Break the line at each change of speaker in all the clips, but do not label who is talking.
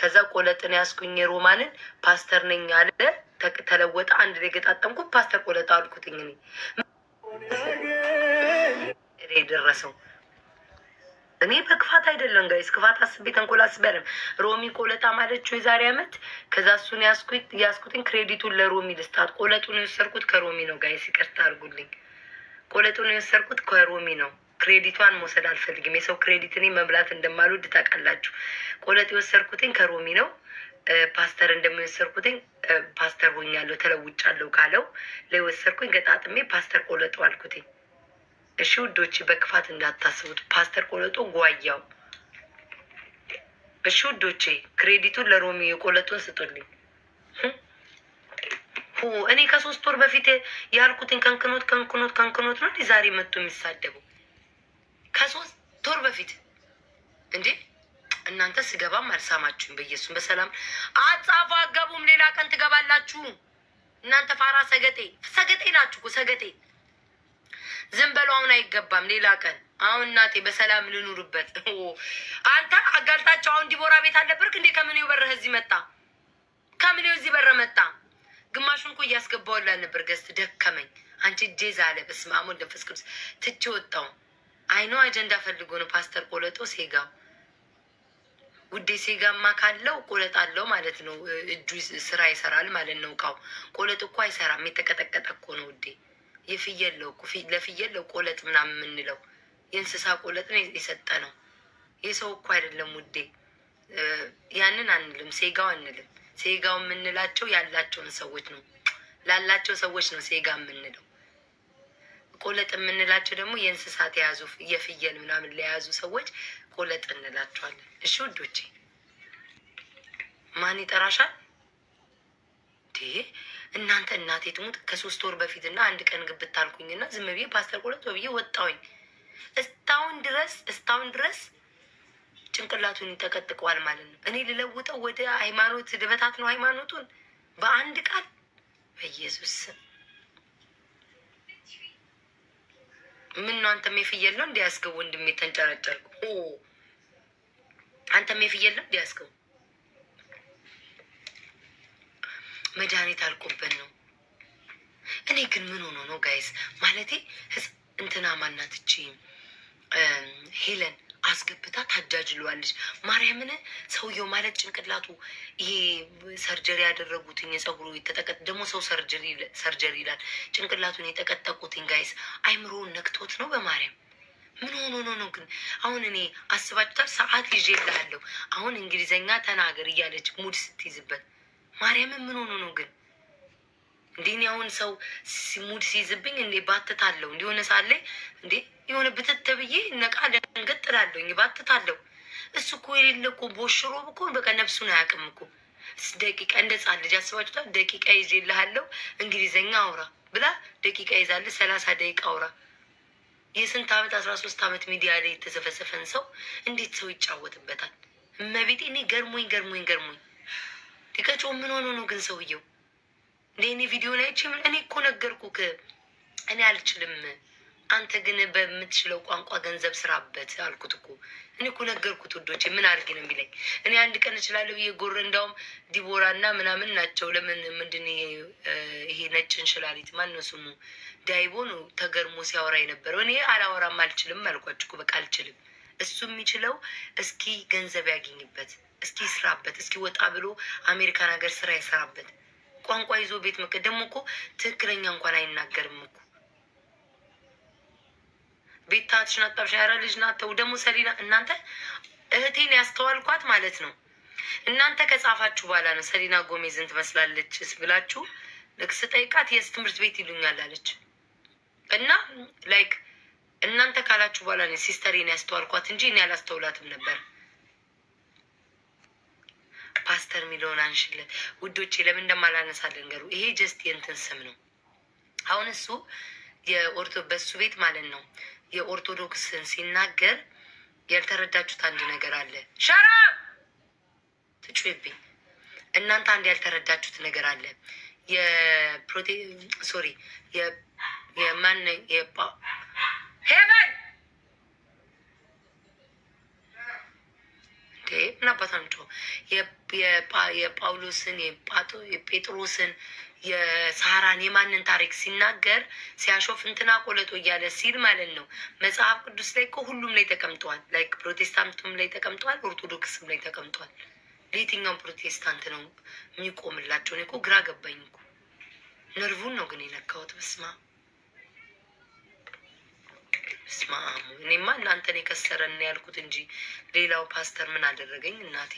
ከዛ ቆለጥን ያስኩኝ ሮማንን ፓስተር ነኝ አለ። ተለወጠ። አንድ ላይ ገጣጠምኩት። ፓስተር ቆለጣ አልኩትኝ። እኔ ደረሰው እኔ በክፋት አይደለም ጋይስ፣ ክፋት አስቤ ተንኮል አስቤ አይደለም። ሮሚ ቆለጣ ማለችው የዛሬ አመት። ከዛ እሱን ያስኩትኝ። ክሬዲቱን ለሮሚ ልስታት። ቆለጡን የወሰድኩት ከሮሚ ነው ጋይስ፣ ይቅርታ አድርጉልኝ። ቆለጡን የወሰድኩት ከሮሚ ነው። ክሬዲቷን መውሰድ አልፈልግም። የሰው ክሬዲት እኔ መብላት እንደማልወድ ታውቃላችሁ። ቆለጥ የወሰድኩትኝ ከሮሚ ነው። ፓስተር እንደሚወሰድኩትኝ ፓስተር ሆኛለሁ ተለውጫለሁ ካለው ለወሰድኩኝ ገጣጥሜ ፓስተር ቆለጦ አልኩትኝ። እሺ ውዶች በክፋት እንዳታስቡት። ፓስተር ቆለጦ ጓያው። እሺ ውዶቼ ክሬዲቱን ለሮሚ የቆለጡን ስጡልኝ። እኔ ከሶስት ወር በፊት ያልኩትን ከንክኖት ከንክኖት ከንክኖት ነው ዛሬ መጥቶ የሚሳደበው ከሶስት ወር በፊት እንዴ እናንተ ስገባም አልሳማችሁም። በኢየሱስ በሰላም አጻፉ አገቡም። ሌላ ቀን ትገባላችሁ እናንተ ፋራ ሰገጤ ሰገጤ ናችሁ። ሰገጤ ዝም በለው። አሁን አይገባም። ሌላ ቀን አሁን እናቴ በሰላም ልኑርበት። አንተ አጋልጣቸው። አሁን ዲቦራ ቤት አልነበርክ እንዴ? ከምኔው በረህ እዚህ መጣ። ከምኔው እዚህ በረ መጣ። ግማሹን እኮ እያስገባውላ ነበር። ገዝት ደከመኝ። አንቺ እጄ ዛለ። በስመ አብ ወመንፈስ ቅዱስ ትቼ ወጣው። አይኖ አጀንዳ ፈልጎ ነው ፓስተር ቆለጦ ሴጋው ውዴ ሴጋማ ካለው ቆለጥ አለው ማለት ነው። እጁ ስራ ይሰራል ማለት ነው። እቃው ቆለጥ እኮ አይሰራም፣ የተቀጠቀጠ እኮ ነው ውዴ። የፍየል ለው ለፍየል ነው ቆለጥ ምናምን የምንለው የእንስሳ ቆለጥ ነው የሰጠ ነው። የሰው እኮ አይደለም ውዴ። ያንን አንልም፣ ሴጋው አንልም። ሴጋው የምንላቸው ያላቸውን ሰዎች ነው፣ ላላቸው ሰዎች ነው ሴጋ የምንለው። ቆለጥ የምንላቸው ደግሞ የእንስሳት የያዙ የፍየል ምናምን ለያዙ ሰዎች ቆለጥ እንላቸዋለን። እሺ ውዶቼ፣ ማን ይጠራሻል? እናንተ እናቴ ትሙት ከሶስት ወር በፊት ና አንድ ቀን ግብት አልኩኝና ዝም ብዬ ፓስተር ቆለጥ ብዬ ወጣውኝ። እስታሁን ድረስ እስታሁን ድረስ ጭንቅላቱን ይጠቀጥቀዋል ማለት ነው። እኔ ልለውጠው ወደ ሃይማኖት ድበታት ነው ሃይማኖቱን በአንድ ቃል በኢየሱስ ምን ነው አንተ የፍየል ነው እንዲያስገው ወንድሜ ተንጨረጨርኩ። አንተ የፍየል ነው እንዲያስገው መድኃኒት አልቆበት ነው። እኔ ግን ምን ሆኖ ነው ጋይስ? ማለቴ እንትና ማናትቺ ሄለን አስገብታ ታዳጅለዋለች። ማርያምን ሰውየው ማለት ጭንቅላቱ ይሄ ሰርጀሪ ያደረጉትኝ የጸጉሩ የተጠቀጥ ደግሞ ሰው ሰርጀሪ ይላል። ጭንቅላቱን የጠቀጠቁትኝ ጋይስ አይምሮውን ነክቶት ነው። በማርያም ምን ሆኖ ነው ነው? ግን አሁን እኔ አስባችሁታል? ሰዓት ይዤ እልሃለሁ አሁን እንግሊዘኛ ተናገር እያለች ሙድ ስትይዝበት ማርያምን ምን ሆኖ ነው ግን እንዲህ ያሁን ሰው ሙድ ሲይዝብኝ እንዴ ባትታለሁ እንዲሆነ ሳለ እንዴ የሆነ ብትት ብዬ ነቃ ደንገጥላለሁኝ ባትታለሁ። እሱ እኮ የሌለ እኮ ቦሽሮ እኮ በቃ ነፍሱን አያውቅም እኮ ደቂቃ እንደ ጻን ልጅ አስባችሁታል። ደቂቃ ይዤልሃለሁ እንግሊዘኛ አውራ ብላ ደቂቃ ይዛለ ሰላሳ ደቂቃ አውራ የስንት ዓመት አስራ ሶስት ዓመት ሚዲያ ላይ የተዘፈዘፈን ሰው እንዴት ሰው ይጫወትበታል? እመቤቴ እኔ ገርሞኝ ገርሞኝ ገርሞኝ ሊቀጮ ምን ሆኖ ነው ግን ሰውየው እንደ ቪዲዮ ላይ ምን እኔ እኮ ነገርኩክ፣ እኔ አልችልም፣ አንተ ግን በምትችለው ቋንቋ ገንዘብ ስራበት አልኩት እኮ። እኔ እኮ ነገርኩት ውዶቼ፣ ምን አድርግ ነው የሚለኝ? እኔ አንድ ቀን እችላለሁ ብዬ ጎር እንዳውም ዲቦራ እና ምናምን ናቸው። ለምን ምንድን ይሄ ነጭ እንሽላሊት ማነው ስሙ ዳይቦ ነው ተገርሞ ሲያወራ የነበረው። እኔ አላወራም አልችልም አልኳችሁ እኮ በቃ አልችልም። እሱ የሚችለው እስኪ ገንዘብ ያገኝበት፣ እስኪ ይስራበት፣ እስኪ ወጣ ብሎ አሜሪካን ሀገር ስራ ይሰራበት። ቋንቋ ይዞ ቤት መከ ደግሞ እኮ ትክክለኛ እንኳን አይናገርም እኮ ቤት ታትሽን አጣብሽ ያረ ልጅ ናተው ደግሞ ሰሊና እናንተ እህቴን ያስተዋልኳት ማለት ነው። እናንተ ከጻፋችሁ በኋላ ነው ሰሊና ጎሜዝን ትመስላለችስ ብላችሁ ልክ ስጠይቃት የስ ትምህርት ቤት ይሉኛል አለች እና ላይክ እናንተ ካላችሁ በኋላ ነው ሲስተሬን ያስተዋልኳት እንጂ እኔ አላስተውላትም ነበር። ፓስተር የሚለውን አንሽለት ውዶቼ። ለምን እንደማላነሳለን ገሩ ይሄ ጀስት የእንትን ስም ነው። አሁን እሱ የኦርቶ በሱ ቤት ማለት ነው የኦርቶዶክስን ሲናገር ያልተረዳችሁት አንድ ነገር አለ። ሸራ ትጩብኝ እናንተ አንድ ያልተረዳችሁት ነገር አለ። የፕሮቴ ሶሪ የማን ሄቨን ምን አባታቸው የጳውሎስን የጴጥሮስን የሳራን የማንን ታሪክ ሲናገር ሲያሾፍ እንትና ቆለጦ እያለ ሲል ማለት ነው። መጽሐፍ ቅዱስ ላይ እኮ ሁሉም ላይ ተቀምጠዋል። ላይክ ፕሮቴስታንቱም ላይ ተቀምጠዋል፣ ኦርቶዶክስም ላይ ተቀምጠዋል። ለየትኛውም ፕሮቴስታንት ነው የሚቆምላቸው? እኔ እኮ ግራ ገባኝ እኮ ነርቡን ነው ግን የነካሁት። በስመ አብ ስማሙ እኔማ ለአንተን የከሰረን ያልኩት እንጂ ሌላው ፓስተር ምን አደረገኝ እናቴ።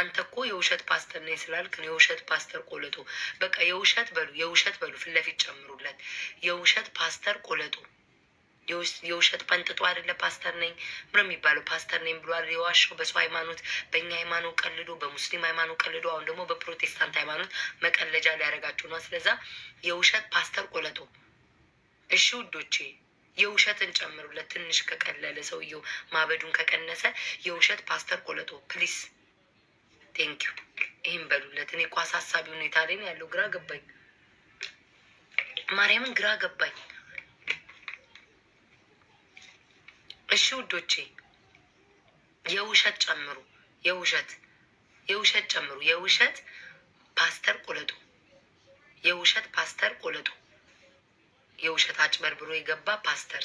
አንተ እኮ የውሸት ፓስተር ነኝ ስላልክ የውሸት ፓስተር ቆለጦ። በቃ የውሸት በሉ የውሸት በሉ ፊት ለፊት ጨምሩለት። የውሸት ፓስተር ቆለጦ፣ የውሸት ፈንጥጦ አይደለ ፓስተር ነኝ ብሎ የሚባለው ፓስተር ነኝ አይደል የዋሸው በሰው ሃይማኖት፣ በእኛ ሃይማኖት ቀልዶ፣ በሙስሊም ሃይማኖት ቀልዶ፣ አሁን ደግሞ በፕሮቴስታንት ሃይማኖት መቀለጃ ሊያደርጋቸው ነው። ስለዛ የውሸት ፓስተር ቆለጦ። እሺ ውዶቼ የውሸትን ጨምሩለት። ትንሽ ከቀለለ ሰውየው ማበዱን ከቀነሰ የውሸት ፓስተር ቆለጦ ፕሊስ ቴንኪዩ ይህን በሉለት። እኔ እኮ አሳሳቢ ሁኔታ ላይ ነው ያለው። ግራ ገባኝ፣ ማርያምን ግራ ገባኝ። እሺ ውዶቼ የውሸት ጨምሩ፣ የውሸት የውሸት ጨምሩ፣ የውሸት ፓስተር ቆለጦ፣ የውሸት ፓስተር ቆለጦ የውሸት አጭበርብሮ የገባ ፓስተር፣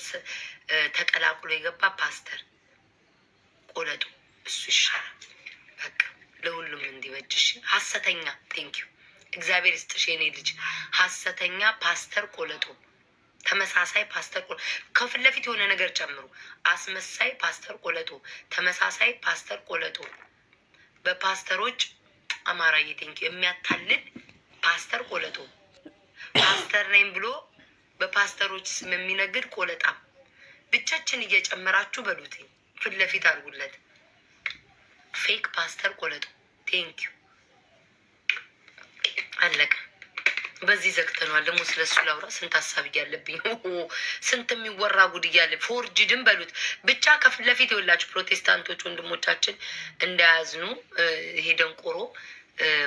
ተቀላቅሎ የገባ ፓስተር ቆለጡ እሱ ይሻላል። በቃ ለሁሉም እንዲበጅሽ ሀሰተኛ ቴንኪዩ እግዚአብሔር ይስጥሽ የኔ ልጅ። ሀሰተኛ ፓስተር ቆለጡ፣ ተመሳሳይ ፓስተር ቆለጡ። ከፊት ለፊት የሆነ ነገር ጨምሩ። አስመሳይ ፓስተር ቆለጡ፣ ተመሳሳይ ፓስተር ቆለጡ። በፓስተሮች አማራዬ ቴንኪዩ የሚያታልል ፓስተር ቆለጡ ፓስተር ነኝ ብሎ በፓስተሮች ስም የሚነግድ ቆለጣ? ብቻችን እየጨመራችሁ በሉት፣ ፊት ለፊት አድርጉለት። ፌክ ፓስተር ቆለጡ። ቴንኪዩ አለቀ። በዚህ ዘግተነዋል። ደግሞ ስለ እሱ ላውራ። ስንት ሀሳብ እያለብኝ ስንት የሚወራ ጉድ እያለ ፎርጅድን በሉት ብቻ ከፊት ለፊት የወላችሁ ፕሮቴስታንቶች ወንድሞቻችን እንዳያዝኑ ይሄ ደንቆሮ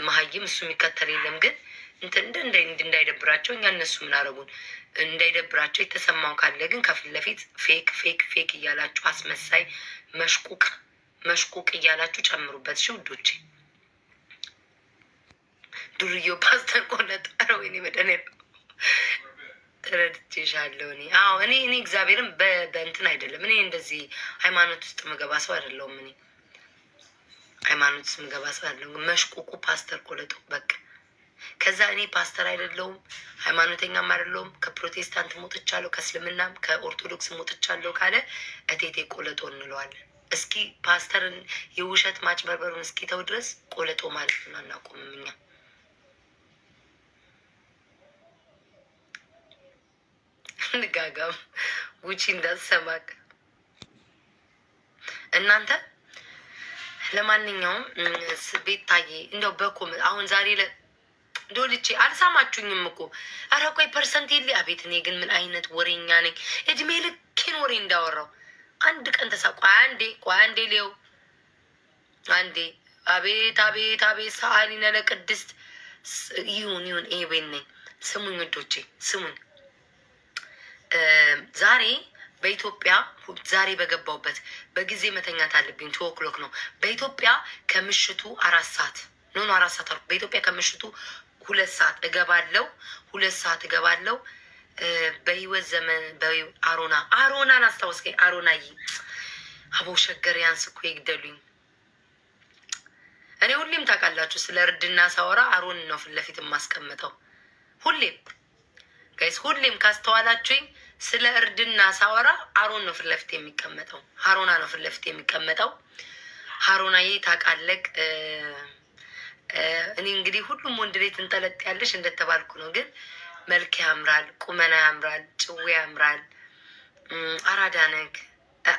መሀይም እሱ የሚከተል የለም ግን እንዳይደብራቸው እኛ እነሱ ምን አረጉን እንዳይደብራቸው የተሰማው ካለ ግን ከፊት ለፊት ፌክ ፌክ ፌክ እያላችሁ አስመሳይ መሽቁቅ መሽቁቅ እያላችሁ ጨምሩበት። እሺ ውዶቼ፣ ዱርዮ ፓስተር ጠረ ወይኔ መደን ተረድቼሻለሁ። እኔ አዎ እኔ እኔ እግዚአብሔርም በእንትን አይደለም እኔ እንደዚህ ሃይማኖት ውስጥ መገባ ሰው አይደለሁም እኔ ሃይማኖት ስም ገባ ስላለው መሽቁቁ ፓስተር ኮለጦ በቃ ከዛ እኔ ፓስተር አይደለውም ሃይማኖተኛም አይደለውም ከፕሮቴስታንት ሞጥቻለሁ ከእስልምናም ከኦርቶዶክስ ሞጥቻለሁ ካለ እቴቴ ቆለጦ እንለዋለን። እስኪ ፓስተርን የውሸት ማጭበርበሩን እስኪ ተው ድረስ ቆለጦ ማለት ነው አናቆምም እኛ። ንጋጋም ውጪ እንዳትሰማቅ እናንተ ለማንኛውም ቤታዬ እንደው በኮም አሁን ዛሬ ለ ዶልቼ አልሳማችሁኝም እኮ ኧረ ቆይ ፐርሰንት የለ አቤት። እኔ ግን ምን አይነት ወሬኛ ነኝ! እድሜ ልኬን ወሬ እንዳወራው አንድ ቀን ተሳ ቆይ አንዴ ቆይ አንዴ ሌው አንዴ አቤት አቤት አቤት ሰአሊ ነለ ቅድስት ይሁን ይሁን ኤቤን ነኝ። ስሙኝ ወዶቼ ስሙኝ ዛሬ በኢትዮጵያ ዛሬ በገባውበት በጊዜ መተኛት አለብኝ። ትወክሎክ ነው በኢትዮጵያ ከምሽቱ አራት ሰዓት ኖ አራት ሰዓት በኢትዮጵያ ከምሽቱ ሁለት ሰዓት እገባለው ሁለት ሰዓት እገባለው። በህይወት ዘመን አሮና አሮናን አስታወስከኝ። ይ አበው ሸገር ያንስ እኮ ይግደሉኝ። እኔ ሁሌም ታውቃላችሁ ስለ እርድና ሳወራ አሮን ነው ፊት ለፊት የማስቀምጠው። ሁሌም ጋይስ ሁሌም ካስተዋላችሁኝ ስለ እርድና ሳወራ አሮን ነው ፊት የሚቀመጠው። ሀሮና ነው ፊት የሚቀመጠው። ሀሮናዬ ታውቃለህ፣ እኔ እንግዲህ ሁሉም ወንድ ቤት እንጠለጥ ያለሽ እንደተባልኩ ነው። ግን መልክ ያምራል፣ ቁመና ያምራል፣ ጭዌ ያምራል። አራዳ ነህ።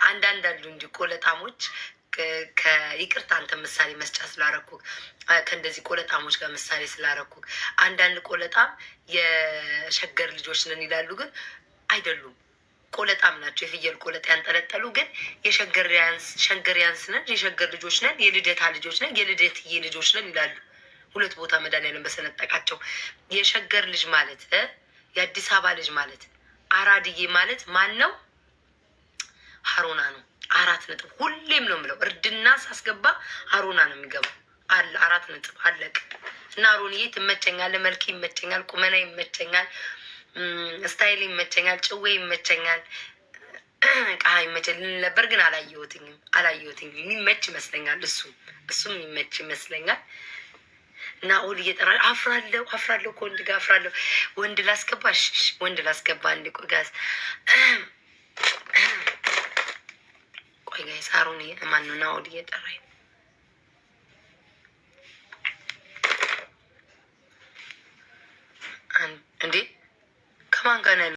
አንዳንድ አሉ እንዲህ ቆለጣሞች ከይቅርታ አንተ ምሳሌ መስጫ ስላረኩ ከእንደዚህ ቆለጣሞች ጋር ምሳሌ ስላረኩ አንዳንድ ቆለጣም የሸገር ልጆች ነን ይላሉ። ግን አይደሉም። ቆለጣም ናቸው። የፍየል ቆለጣ ያንጠለጠሉ ግን የሸገሪያንስ ነን፣ የሸገር ልጆች ነን፣ የልደታ ልጆች ነን፣ የልደትዬ ልጆች ነን ይላሉ። ሁለት ቦታ መድኃኒዓለም በሰነጠቃቸው የሸገር ልጅ ማለት የአዲስ አበባ ልጅ ማለት አራድዬ ማለት ማን ነው? አሮና ነው። አራት ነጥብ ሁሌም ነው የምለው። እርድና ሳስገባ አሮና ነው የሚገባው። አለ አራት ነጥብ አለቅ እና አሮንዬ ትመቸኛል። መልክ ይመቸኛል። ቁመና ይመቸኛል። ስታይል ይመቸኛል፣ ጭዌ ይመቸኛል፣ ቃ ይመቸል ነበር ግን አላየሁትኝም አላየሁትኝም። የሚመች ይመስለኛል እሱ እሱም የሚመች ይመስለኛል። እና ኦል እየጠራ አፍራለሁ አፍራለሁ ከወንድ ጋር አፍራለሁ። ወንድ ላስገባ ወንድ ላስገባ አንድ ቆይ ጋዝ ቆይ ጋይ ሳሩን ማን ነው? ናኦል እየጠራኝ እንዴ mga ganun.